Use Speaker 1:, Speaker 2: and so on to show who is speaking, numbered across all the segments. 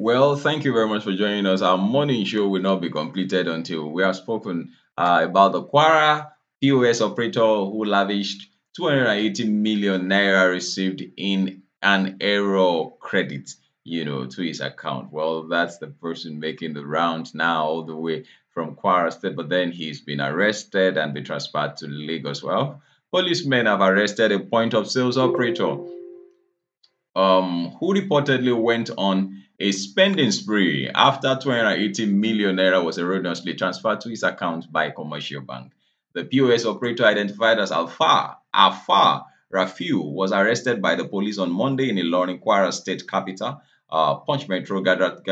Speaker 1: Well, thank you very much for joining us. Our morning show will not be completed until we have spoken uh, about the Quara POS operator who lavished 280 million naira received in an error credit, you know, to his account. Well, that's the person making the rounds now all the way from Kwara State, but then he's been arrested and been transferred to Lagos. Well, policemen have arrested a point of sales operator um, who reportedly went on a spending spree after 280 million naira was erroneously transferred to his account by a commercial bank. The POS operator identified as Alfa, Alfa Rafiu was arrested by the police on Monday in Ilorin, Kwara State capital. Uh, Punch Metro gathered,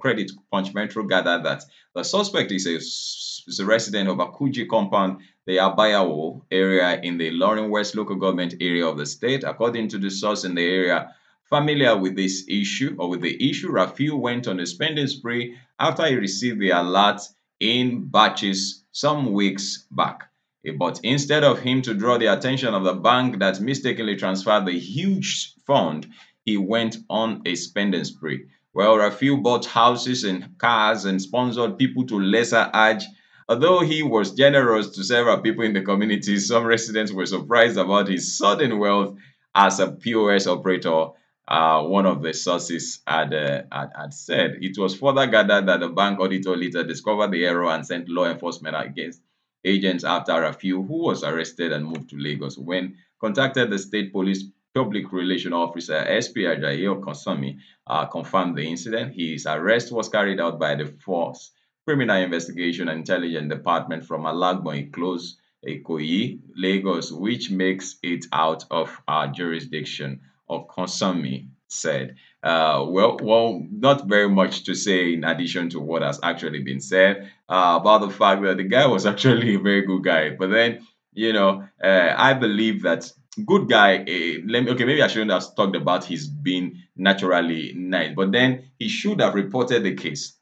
Speaker 1: credit Punch Metro gathered that the suspect is a, is a resident of Akuji compound, the Abayawo area in the Ilorin West local government area of the state. According to the source in the area, Familiar with this issue or with the issue, Rafiu went on a spending spree after he received the alert in batches some weeks back. Eh, but instead of him to draw the attention of the bank that mistakenly transferred the huge fund, he went on a spending spree. Well, Rafiu bought houses and cars and sponsored people to lesser age. Although he was generous to several people in the community, some residents were surprised about his sudden wealth as a POS operator uh, one of the sources had, uh, had, had, said. It was further gathered that the bank auditor later discovered the error and sent law enforcement against agents after Rafiu, who was arrested and moved to Lagos. When contacted the state police public relation officer SP Ajayi Okonsami uh, confirmed the incident. His arrest was carried out by the force criminal investigation and intelligence department from Alagbon close Eko, Lagos, which makes it out of our jurisdiction or concern me said. Uh, well, well, not very much to say in addition to what has actually been said uh, about the fact that the guy was actually a very good guy. But then, you know, uh, I believe that good guy. Eh, let me, okay, maybe I shouldn't have talked about his being naturally nice, but then he should have reported the case.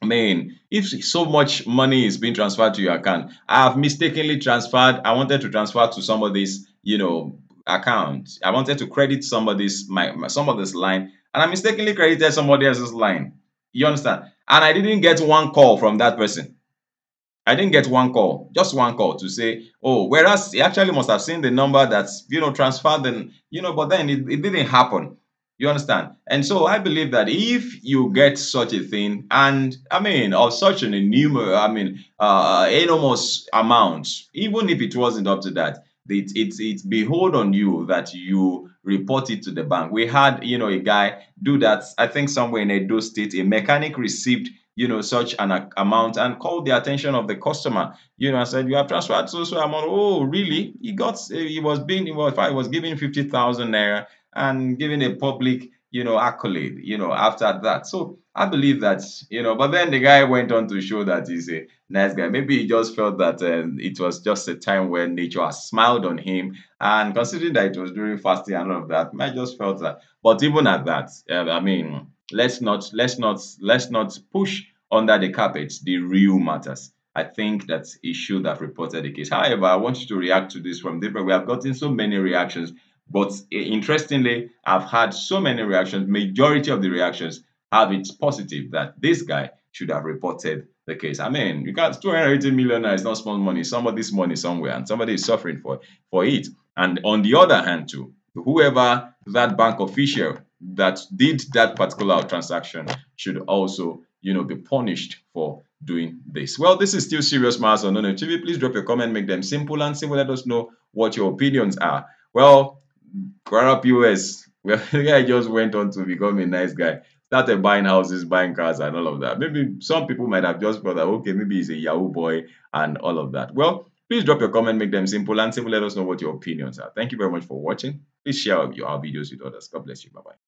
Speaker 1: I mean, if so much money is being transferred to your account, I have mistakenly transferred. I wanted to transfer to somebody's, you know, account. I wanted to credit somebody's my, my somebody's line, and I mistakenly credited somebody else's line. You understand? And I didn't get one call from that person. I didn't get one call, just one call to say, oh, whereas he actually must have seen the number that's, you know, transferred and, you know, but then it, it didn't happen. You understand? And so I believe that if you get such a thing, and I mean, of such an enormous, I mean, uh, enormous amount, even if it wasn't up to that, it's it's it's behold on you that you report it to the bank. We had you know a guy do that. I think somewhere in Edo State, a mechanic received you know such an a- amount and called the attention of the customer. You know, and said you have transferred so so amount. Oh, really? He got he was being well, he was giving fifty thousand naira and giving a public you know, accolade, you know, after that. So I believe that, you know, but then the guy went on to show that he's a nice guy. Maybe he just felt that uh, it was just a time when nature has smiled on him. And considering that it was during fasting and all of that, I just felt that. But even at that, uh, I mean, let's not, let's not, let's not push under the carpet the real matters. I think that he should have reported the case. However, I want you to react to this from different. We have gotten so many reactions but interestingly, I've had so many reactions, majority of the reactions have it positive that this guy should have reported the case. I mean, you got 280 million naira not small money. Somebody's money somewhere, and somebody is suffering for, for it. And on the other hand, too, whoever that bank official that did that particular transaction should also, you know, be punished for doing this. Well, this is still serious matters on TV. Please drop your comment, make them simple, and simple. let us know what your opinions are. Well, up US. well, the guy just went on to become a nice guy. Started buying houses, buying cars, and all of that. Maybe some people might have just thought that, okay, maybe he's a Yahoo boy and all of that. Well, please drop your comment, make them simple and simple. Let us know what your opinions are. Thank you very much for watching. Please share your, our videos with others. God bless you. Bye bye.